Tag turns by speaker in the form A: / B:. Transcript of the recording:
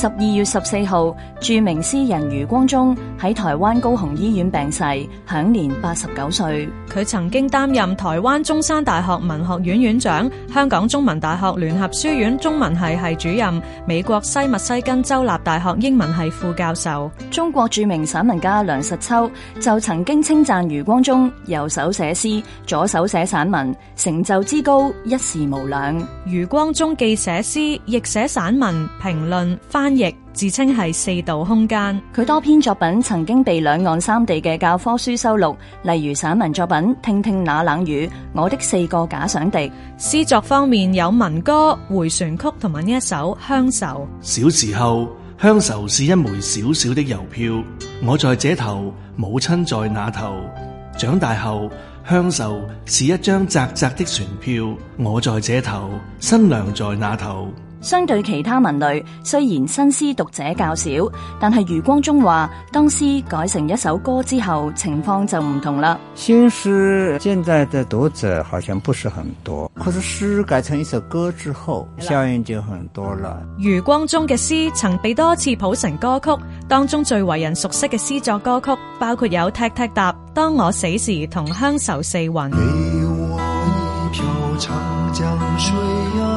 A: 十二月十四號，著名詩人余光中喺台灣高雄醫院病逝，享年八十九歲。佢曾經擔任台灣中山大學文學院院長、香港中文大學聯合書院中文系系主任、美國西密西根州立大學英文系副教授。中國著名散文家梁實秋就曾經稱讚余光中右手寫詩，左手寫散文，成就之高一時無兩。余光中既寫詩，亦寫散文、評論、翻。自稱係四度空間，佢多篇作品曾經被兩岸三地嘅教科書收錄，例如散文作品《聽聽那冷雨》、《我的四個假想敵》。詩作方面有民歌《回旋曲》
B: 同埋呢一首《鄉愁》。
C: 小時候，鄉愁是一枚小小的郵票，我在這頭，母親在那頭。長大後，鄉愁是一張窄窄的船票，我在這頭，新娘在那頭。
A: 相對其他文類，雖然新詩讀者較少，但係余光中話，當詩改成一首歌之後，情況就唔同啦。
D: 新詩現在的讀者好像不是很多，可是詩改成一首歌之後，效應的就很多了。
B: 余光中嘅詩曾被多次譜成歌曲，當中最為人熟悉嘅詩作歌曲，包括有踢踢踏、當我死時同鄉愁四韻。
C: 給我一